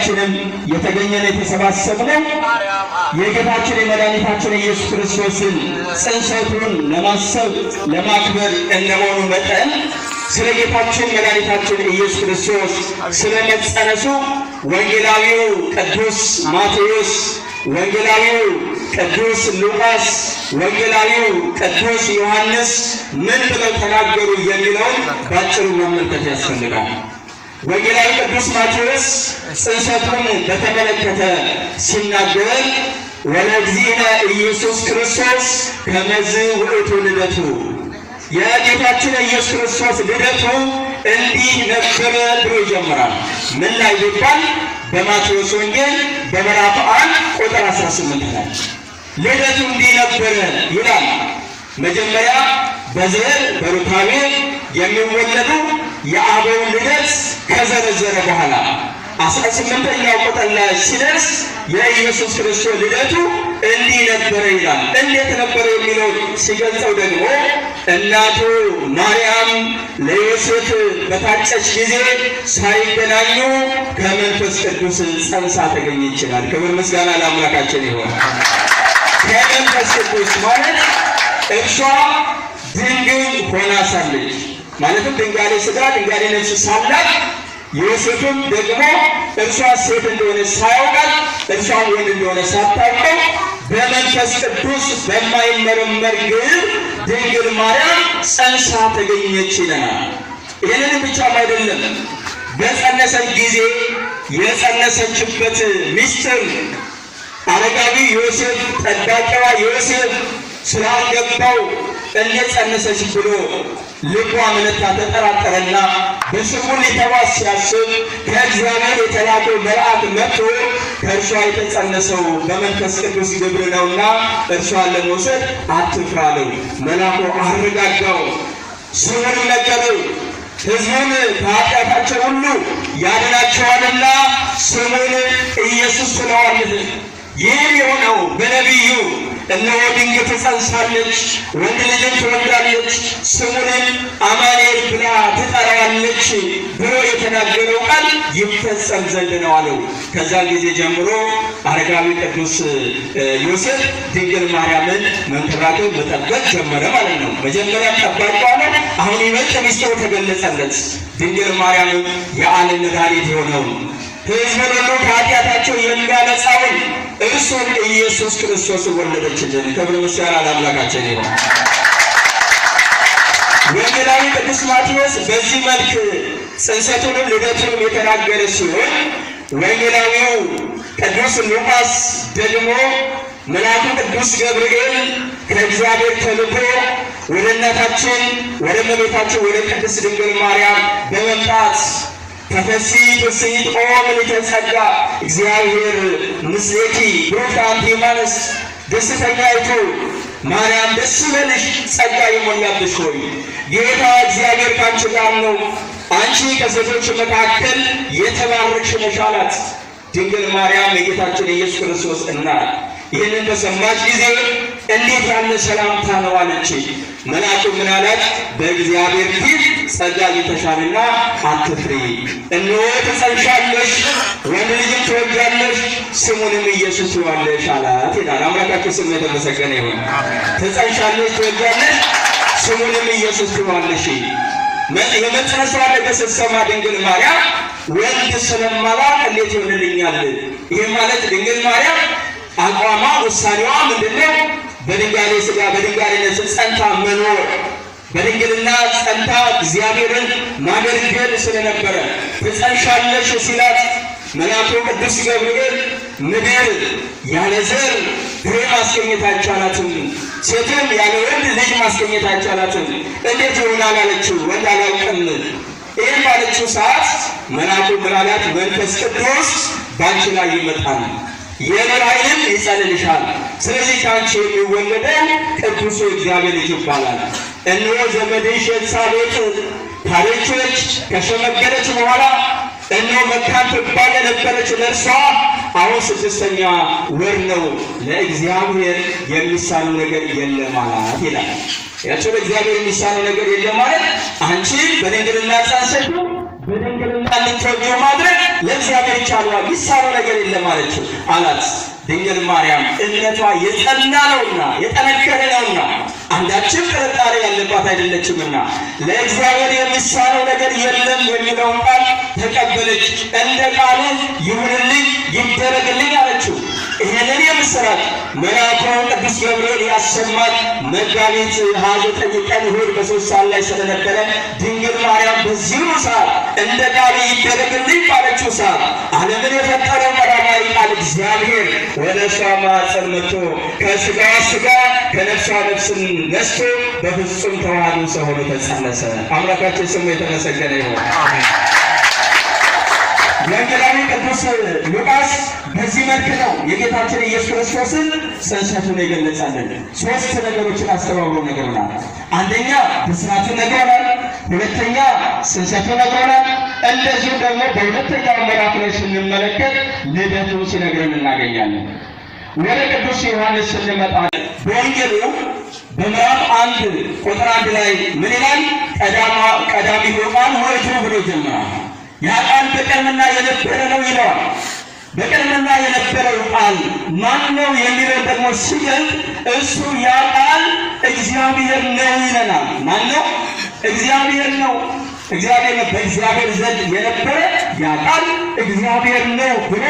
ሁላችንም የተገኘን የተሰባሰብነው የጌታችን የመድኃኒታችን ኢየሱስ ክርስቶስን ጽንሰቱን ለማሰብ ለማክበር እንደመሆኑ መጠን ስለ ጌታችን መድኃኒታችን ኢየሱስ ክርስቶስ ስለ መጸነሱ ወንጌላዊው ቅዱስ ማቴዎስ፣ ወንጌላዊው ቅዱስ ሉቃስ፣ ወንጌላዊው ቅዱስ ዮሐንስ ምን ብለው ተናገሩ የሚለውን ባጭሩ መመልከት ያስፈልጋል። ወንጌላዊ ቅዱስ ማቴዎስ ጽንሰቱን በተመለከተ ሲናገር ወለእግዚእነ ኢየሱስ ክርስቶስ ከመዝ ውእቱ ልደቱ፣ የጌታችን ኢየሱስ ክርስቶስ ልደቱ እንዲህ ነበረ ብሎ ይጀምራል። ምን ላይ ይባል? በማቴዎስ ወንጌል በምዕራፍ አንድ ቁጥር 18 ላይ ልደቱ እንዲህ ነበረ ይላል። መጀመሪያ በዘር በሩካቤ የሚወለዱ የአበውን ልደት ከዘረዘረ በኋላ አስራ ስምንተኛው ቁጥር ላይ ሲደርስ የኢየሱስ ክርስቶስ ልደቱ እንዲህ ነበረ ይላል። እንዴት ነበረ የሚለው ሲገልጸው ደግሞ እናቱ ማርያም ለዮሴፍ በታጨች ጊዜ ሳይገናኙ ከመንፈስ ቅዱስ ጸንሳ ተገኝ ይችላል። ክብር ምስጋና ለአምላካችን ይሆን። ከመንፈስ ቅዱስ ማለት እርሷ ድንግል ሆና ሳለች ማለትም ድንጋሌ ስጋ ድንጋሌ ነፍስ ሳላት ዮሴፍም ደግሞ እርሷ ሴት እንደሆነ ሳያውቃት እርሷ ወንድ እንደሆነ ሳታውቀው በመንፈስ ቅዱስ በማይመረመር ግን ድንግል ማርያም ጸንሳ ተገኘች ይለናል። ይህንን ብቻም አይደለም፣ በጸነሰች ጊዜ የጸነሰችበት ሚስጥር አረጋዊ ዮሴፍ ጠባቂዋ ዮሴፍ እንደ እንደጸነሰች ብሎ ልቧ እምነት ተጠራጠረና በስሙ ሊተዋት ሲያስብ ከእግዚአብሔር የተላከው መልአክ መጥቶ ከእርሷ የተጸነሰው በመንፈስ ቅዱስ ግብር ነውና እርሷን ለመውሰድ አትፍራለው። አለው። መልአኩ አረጋጋው፣ ስሙን ነገረው። ሕዝቡን ከኃጢአታቸው ሁሉ ያድናቸዋልና ስሙን ኢየሱስ ስለዋለት ይህም የሆነው በነቢዩ እነሆ ድንግል ትጸንሳለች፣ ወንድ ልጅን ትወልዳለች፣ ስሙንም አማኑኤል ብላ ትጠራዋለች ብሎ የተናገረው ቃል ይፈጸም ዘንድ ነው አለው። ከዛ ጊዜ ጀምሮ አረጋዊ ቅዱስ ዮሴፍ ድንግል ማርያምን መንከባከብ መጠበቅ ጀመረ ማለት ነው። መጀመሪያ ጠባቂ ሆነ። አሁን ይበልጥ ሚስጥሩ ተገለጸለት። ድንግል ማርያም የዓለም መድኃኒት የሆነውን ሕዝቡን ሁሉ ከኃጢአታቸው የሚያነጻውን እርሷን ኢየሱስ ክርስቶስ ወለደችልን። ክብር ምስጋና ለአምላካችን ይሁን። ወንጌላዊ ቅዱስ ማቴዎስ በዚህ መልክ ጽንሰቱንም ልደቱንም የተናገረ ሲሆን ወንጌላዊው ቅዱስ ሉቃስ ደግሞ መልአኩ ቅዱስ ገብርኤል ከእግዚአብሔር ተልኮ ወደ እናታችን ወደ እመቤታችን ወደ ቅድስት ድንግል ማርያም በመምጣት ተፈሲ ትስሕት ኦ ምልዕተ ጸጋ እግዚአብሔር ምስሌኪ ብሩክት አንቲ ዮሐንስ ደስተኛይቱ ማርያም ደስ ይበልሽ፣ ጸጋ የሞላብሽ ሆይ ጌታ እግዚአብሔር ካንቺ ጋር ነው፣ አንቺ ከሴቶች መካከል የተባረክሽ ነሽ አላት። ድንግል ማርያም የጌታችን ኢየሱስ ክርስቶስ እናት ይህንን በሰማች ጊዜ እንዴት ያለ ሰላምታ ነው አለች። መልአኩ ምን አላት? በእግዚአብሔር ፊት ጸጋ አግኝተሻልና አትፍሪ፣ እነሆ ትጸንሻለሽ፣ ወንድ ልጅም ትወልጃለሽ፣ ስሙንም ኢየሱስ ትይዋለሽ አላት ይላል። አምላካችን ስሙ የተመሰገነ ይሁን። ትጸንሻለሽ፣ ትወልጃለሽ፣ ስሙንም ኢየሱስ ትይዋለሽ። የመጽነስዋ ነገር ስትሰማ ድንግል ማርያም ወንድ ስለማላት እንዴት ይሆንልኛል? ይህ ማለት ድንግል ማርያም አቋሟ ውሳኔዋ ምንድን ነው? በድንጋሌ ስጋ በድንጋሌ ነፍስ ጸንታ መኖር በድንግልና ጸንታ እግዚአብሔርን ማገልገል ስለነበረ ትጸንሻለሽ ሲላት መልአኩ ቅዱስ ገብርኤል ምድር ያለ ዘር ድሬ ማስገኘት አይቻላትም፣ ሴትም ያለ ወንድ ልጅ ማስገኘት አይቻላትም፣ እንዴት ይሆናል አለችው። ወንድ አላውቅም። ይህም ባለችው ሰዓት መልአኩ ምናላት መንፈስ ቅዱስ ባንቺ ላይ ይመጣል የበላይን ይጸልልሻል። ስለዚህ ከአንቺ የሚወለደ ቅዱሱ እግዚአብሔር ልጅ ይባላል። እነሆ ዘመድሽ ኤልሳቤጥ ታረጀች፣ ከሸመገለች በኋላ እነሆ መካን ትባል የነበረች ለእርሷ አሁን ስድስተኛ ወር ነው፣ ለእግዚአብሔር የሚሳነው ነገር የለም አላት ይላል። ያቸው ለእግዚአብሔር የሚሳነው ነገር የለም ማለት አንቺ በድንግልና ጸንሰሽ በድንግልና ልትወልድ ማድረግ ለእግዚአብሔር ይቻለዋል፣ ይሳነው ነገር የለም አለችው አላት። ድንግል ማርያም እምነቷ የጸና ነውና የጠነከረ ነውና አንዳችም ጥርጣሬ ያለባት አይደለችምና ለእግዚአብሔር የሚሳነው ነገር የለም የሚለውን ቃል ተቀበለች። እንደ ቃልህ ይሁንልኝ፣ ይደረግልኝ አለችው። ይህንን የምስራች መልአኩ ቅዱስ ገብርኤል ያሰማት መጋቢት ሃያ ዘጠኝ ቀን እሑድ በሶስት ሰዓት ላይ ስለነበረ ድንግል ማርያም በዚሁ ሰዓት እንደ ቃል ይደረግልኝ ባለችው ሰዓት ዓለምን የፈጠረው መራማዊ ቃል እግዚአብሔር ወደ እሷ ማኅፀን መጥቶ ከስጋ ስጋ ከነፍሷ ነፍስን ነስቶ በፍጹም ተዋህዶ ሰው ሆኖ ተጸነሰ። አምላካችን ስሙ የተመሰገነ ይሆን። አሜን። የወንጌላዊ ቅዱስ ሉቃስ በዚህ መልክ ነው የጌታችን ኢየሱስ ክርስቶስን ጽንሰቱን የገለጸልን። ሶስት ነገሮችን አስተባብሮ ነግሮናል። አንደኛ ብስራቱ ነግሮናል፣ ሁለተኛ ጽንሰቱ ነግሮናል። እንደዚሁም ደግሞ በሁለተኛው ምዕራፍ ላይ ስንመለከት ልደቱን ሲነግረን እናገኛለን። ወደ ቅዱስ ዮሐንስ ስንመጣ በወንጌሉ በምዕራፍ አንድ ቁጥር አንድ ላይ ምን ይላል? ቀዳሚ ሉቃን ወእቱ ብሎ ጀምራል ያቃል በቀድምና የነበረ ነው ይለዋል። በቀድምና የነበረው ቃል ማን ነው የሚለን ደግሞ ሲገል እሱ ያ ቃል እግዚአብሔር ነው ይለናል። ማን ነው? እግዚአብሔር ነው። እግዚአብሔር በእግዚአብሔር ዘንድ የነበረ ያ ቃል እግዚአብሔር ነው ብሎ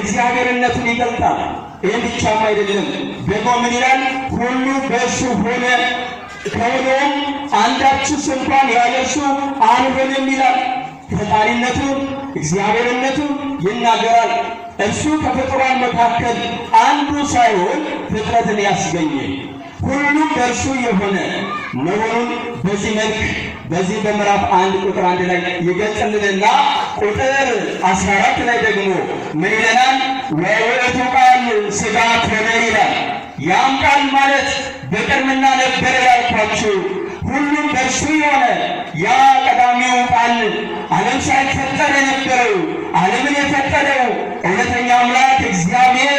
እግዚአብሔርነቱን ይገልጣል። ይህን ብቻም አይደለም ደግሞ ምን ይላል? ሁሉ በእሱ ሆነ ከሆነውም አንዳችስ እንኳን ያለሱ እርሱ አልሆነም ይላል። የፈጣሪነቱን እግዚአብሔርነቱ ይናገራል። እርሱ ከፍጥሯን መካከል አንዱ ሳይሆን ፍጥረትን ያስገኘ ሁሉም በእርሱ የሆነ መሆኑን በዚህ መልክ በዚህ በምዕራፍ አንድ ቁጥር አንድ ላይ ይገልጽልንና ቁጥር አስራ አራት ላይ ደግሞ ምን ይለናል? ወውእቱ ቃል ሥጋ ሆነ ይላል። ያም ቃል ማለት በቅድምና ነበር ያልኳችሁ ሁሉም በእርሱ የሆነ ያ ቀዳሚው ቃል ዓለም ሳይፈጠር የነበረው ዓለምን የፈጠረው እውነተኛ አምላክ እግዚአብሔር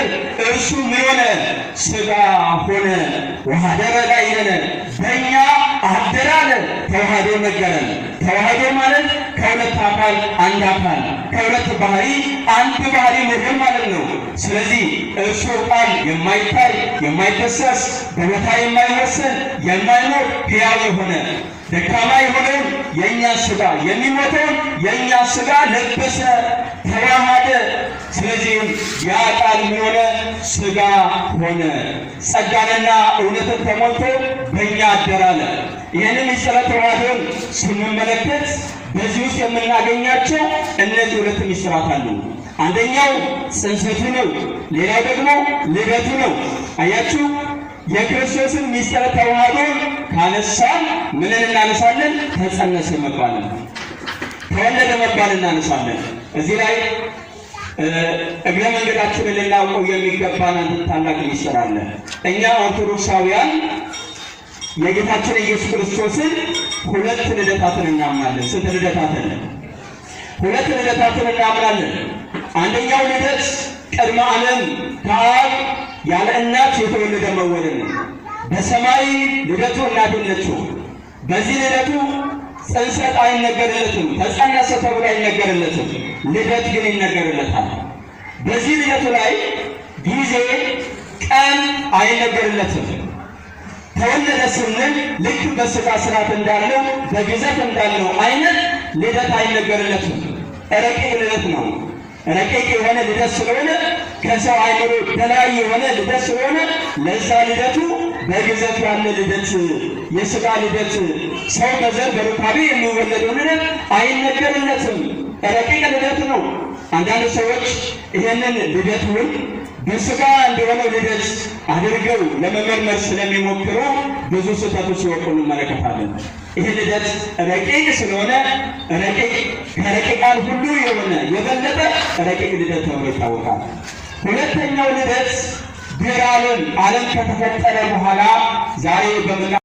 እርሱ ምን ሆነ? ሥጋ ሆነ። ወኀደረ በእኛ አደረ አለ። ተዋህዶ ነገረን። ተዋህዶ ማለት ከሁለት አካል አንድ አካል፣ ከሁለት ባህሪ አንድ ባህሪ መሆን ማለት ነው። ስለዚህ እርሱ ቃል የማይታይ የማይደሰስ በቦታ የማይወሰን የማይኖር ሕያው የሆነ የሆነ ደካማ የሆነ የእኛ ስጋ የሚሞተው የእኛ ስጋ ለበሰ፣ ተዋሃደ። ስለዚህ ያ ቃል የሆነ ስጋ ሆነ፣ ጸጋንና እውነትን ተሞልቶ በእኛ አደራለ። ይህንን ምስጢረ ተዋህዶን ስንመለከት በዚህ ውስጥ የምናገኛቸው እነዚህ ሁለት ምስጢራት አሉ። አንደኛው ጽንሰቱ ነው፣ ሌላው ደግሞ ልደቱ ነው። አያችሁ የክርስቶስን ሚስጥር ተዋህዶ ካነሳን ምንን እናነሳለን? ተጸነሰ መባል ተወለደ መባል እናነሳለን። እዚህ ላይ እግረ መንገዳችንን ልናውቀው የሚገባን አንድ ታላቅ ሚስጥር አለ። እኛ ኦርቶዶክሳውያን የጌታችን ኢየሱስ ክርስቶስን ሁለት ልደታትን እናምናለን። ስንት ልደታትን? ሁለት ልደታትን እናምናለን። አንደኛው ልደት ቅድመ ዓለም ከአብ ያለ እናት የተወለደ መወለድ ነው። በሰማይ ልደቱ እናት የለችው። በዚህ ልደቱ ጽንሰት አይነገርለትም፣ ተጸነሰ ተብሎ አይነገርለትም። ልደት ግን ይነገርለታል። በዚህ ልደቱ ላይ ጊዜ ቀን አይነገርለትም። ተወለደ ስንል ልክ በስጋ ስርዓት እንዳለው በግዘት እንዳለው አይነት ልደት አይነገርለትም። ረቂቅ ልደት ነው። ረቂቅ የሆነ ልደት ስለሆነ ከሰው አይምሮ በላይ የሆነ ልደት ስለሆነ ለዛ ልደቱ በግዘት ያለ ልደት የስጋ ልደት ሰው በዘር በሩካቤ የሚወለደው ልደት አይነገርለትም። ረቂቅ ልደት ነው። አንዳንድ ሰዎች ይህንን ልደቱን የሥጋ እንደሆነ ልደት አድርገው ለመመርመር ስለሚሞክሩ ብዙ ስህተቶች ሲወቅሉ እንመለከታለን። ይህ ልደት ረቂቅ ስለሆነ ረቂቅ ከረቂቃን ሁሉ የሆነ የበለጠ ረቂቅ ልደት ተብሎ ይታወቃል። ሁለተኛው ልደት ግራልን ዓለም ከተፈጠረ በኋላ ዛሬ በምና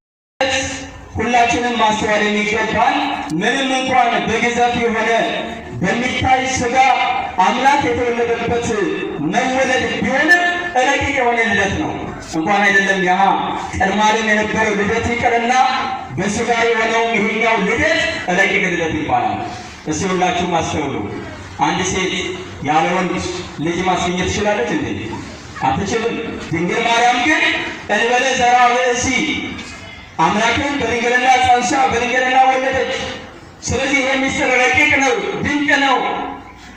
ሁላችንም ማስተዋል የሚገባል ምንም እንኳን በግዘፍ የሆነ በሚታይ ስጋ አምላክ የተወለደበት መወለድ ቢሆንም ረቂቅ የሆነ ልደት ነው። እንኳን አይደለም ያሃ ቀድማለም የነበረው ልደት ይቅርና በስጋ የሆነውም ይሄኛው ልደት ረቂቅ ልደት ይባላል። እስኪ ሁላችሁም አስተውሉ። አንድ ሴት ያለ ወንድ ልጅ ማስገኘት ትችላለች እንዴ? አትችልም። ድንግል ማርያም ግን እንበለ ዘራ ርእሲ አምላክን በድንግልና ጸንሳ በድንግልና ወለደች። ስለዚህ ይህ ረቂቅ ነው፣ ድንቅ ነው።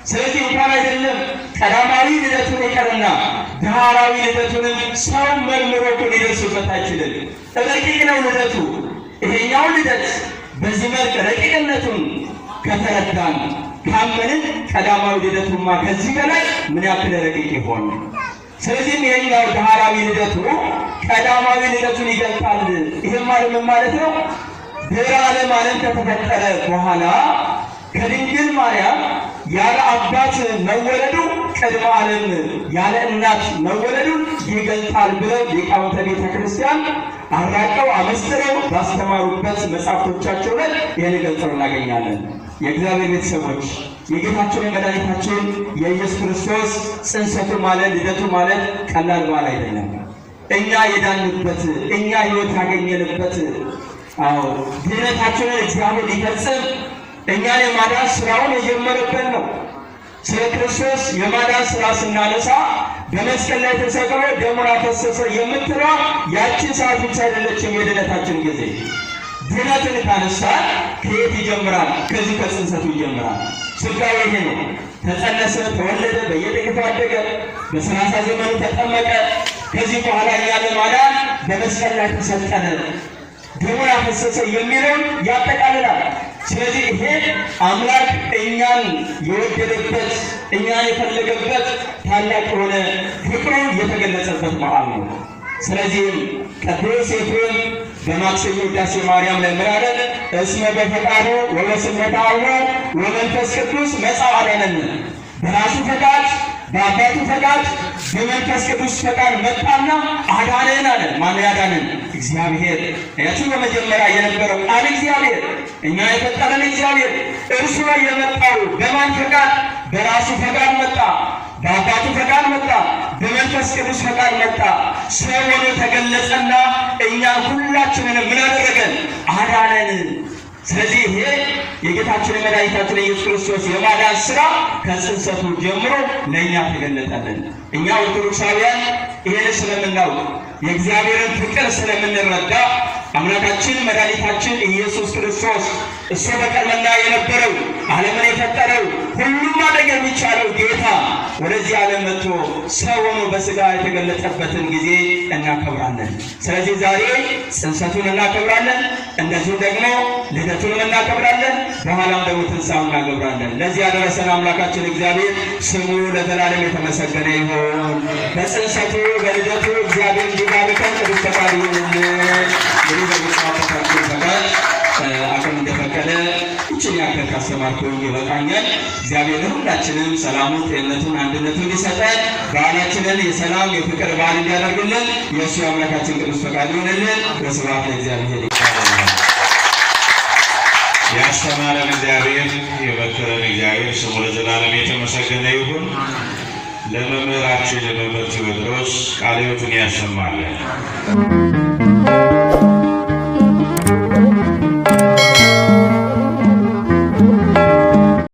ስለዚህ እንኳን አይደለም ቀዳማዊ ልደቱን ይቀርና ዳህራዊ ልደቱንም ሰው መርምሮ እኮ ሊደርሱበት አይችልም። ረቂቅ ነው ልደቱ። ይሄኛው ልደት በዚህ መልክ ረቂቅነቱን ከተረዳን ካመንን ቀዳማዊ ልደቱማ ከዚህ በላይ ምን ያክል ረቂቅ ይሆን? ስለዚህም ይሄኛው ዳህራዊ ልደቱ ቀዳማዊ ልደቱን ይገልጣል። ይህም አለም ምን ማለት ነው? ድህረ ዓለም ዓለም ከተፈጠረ በኋላ ከድንግል ማርያም ያለ አባት መወለዱ ቅድመ ዓለም ያለ እናት መወለዱ ይገልጣል ብለው ሊቃውንተ ቤተ ክርስቲያን አራቀው አመስጥረው ባስተማሩበት መጽሐፍቶቻቸው ላይ ይህን ገልጸው እናገኛለን። የእግዚአብሔር ቤተሰቦች የጌታችን የመድኃኒታችን የኢየሱስ ክርስቶስ ጽንሰቱ ማለት ልደቱ ማለት ቀላል በዓል አይደለም። እኛ የዳንበት እኛ ሕይወት ያገኘንበት ድህነታችንን እግዚአብሔር ሊፈጽም እኛ የማዳን ስራውን የጀመረበት ነው። ስለ ክርስቶስ የማዳን ስራ ስናነሳ በመስቀል ላይ ተሰቅሎ ደሙን አፈሰሰ የምትለው ያችን ሰዓት ብቻ አይደለችም። የድነታችን ጊዜ ድነትን ካነሳን ከየት ይጀምራል? ከዚህ ከጽንሰቱ ይጀምራል። ስጋ ይሄ ነው። ተጸነሰ፣ ተወለደ፣ በየጥቂቱ አደገ፣ በሰላሳ ዘመኑ ተጠመቀ። ከዚህ በኋላ እኛ ማዳን በመስቀል ላይ ተሰጠነ ደሙን አፈሰሰ የሚለውን ያጠቃልላል። ስለዚህ ይሄ አምላክ እኛን የወደደበት እኛን የፈለገበት ታላቅ የሆነ ፍቅሩ የተገለጸበት በዓል ነው። ስለዚህም ቅዱስ ኤፍሬም በማክሰኞ ውዳሴ ማርያም ላይ እስመ በፈቃዱ ወበስመ ወመንፈስ ቅዱስ መጽአ አዳነነ በራሱ ፈቃድ በአባቱ ፈቃድ በመንፈስ ቅዱስ ፈቃድ መጣና አዳነን አለ። ማን ያዳነን? እግዚአብሔር። እያቱ በመጀመሪያ የነበረው ቃል እግዚአብሔር፣ እኛ የፈጠረን እግዚአብሔር። እርሱ ላይ የመጣው በማን ፈቃድ? በራሱ ፈቃድ መጣ፣ በአባቱ ፈቃድ መጣ፣ በመንፈስ ቅዱስ ፈቃድ መጣ። ሰው ሆኖ ተገለጸና እኛን ሁላችንን ምን አደረገን? አዳነን። ስለዚህ ይሄ የጌታችን የመድኃኒታችን የኢየሱስ ክርስቶስ የማዳን ስራ ከጽንሰቱ ጀምሮ ለእኛ ተገለጠልን። እኛ ኦርቶዶክሳውያን ይሄን ስለምናውቅ የእግዚአብሔርን ፍቅር ስለምንረዳ አምላካችን መድኃኒታችን ኢየሱስ ክርስቶስ እሱ በቀለና የነበረው ዓለምን የፈጠረው ሁሉም ማድረግ የሚቻለው ጌታ ወደዚህ ዓለም መጥቶ ሰው ሆኖ በስጋ የተገለጠበትን ጊዜ እናከብራለን። ስለዚህ ዛሬ ጽንሰቱን እናከብራለን፣ እንደዚሁ ደግሞ ልደቱንም እናከብራለን። በኋላም ደግሞ ትንሣኤውን እናገብራለን። ለዚህ ያደረሰን አምላካችን እግዚአብሔር ስሙ ለዘላለም የተመሰገነ ይሁን። በጽንሰቱ በልደቱ እግዚአብሔር እንዲባርከን ቅዱስ ፈቃድ ይሁንልን። ያክል ካስተማርከው ይበቃኛል። እግዚአብሔር ሁላችንም ሰላሙን፣ ጤንነቱን፣ አንድነቱን እንዲሰጠን በዓላችንን የሰላም የፍቅር በዓል እንዲያደርግልን የእሱ አምላካችን ቅዱስ ፈቃድ ይሆንልን። በስብሐት ለእግዚአብሔር ይባላል። ያስተማረን እግዚአብሔር የመከረን እግዚአብሔር ስሙ ለዘላለም የተመሰገነ ይሁን። ለመምህራችን ለመምህር ቴዎድሮስ ቃሌዎቱን ያሰማለን።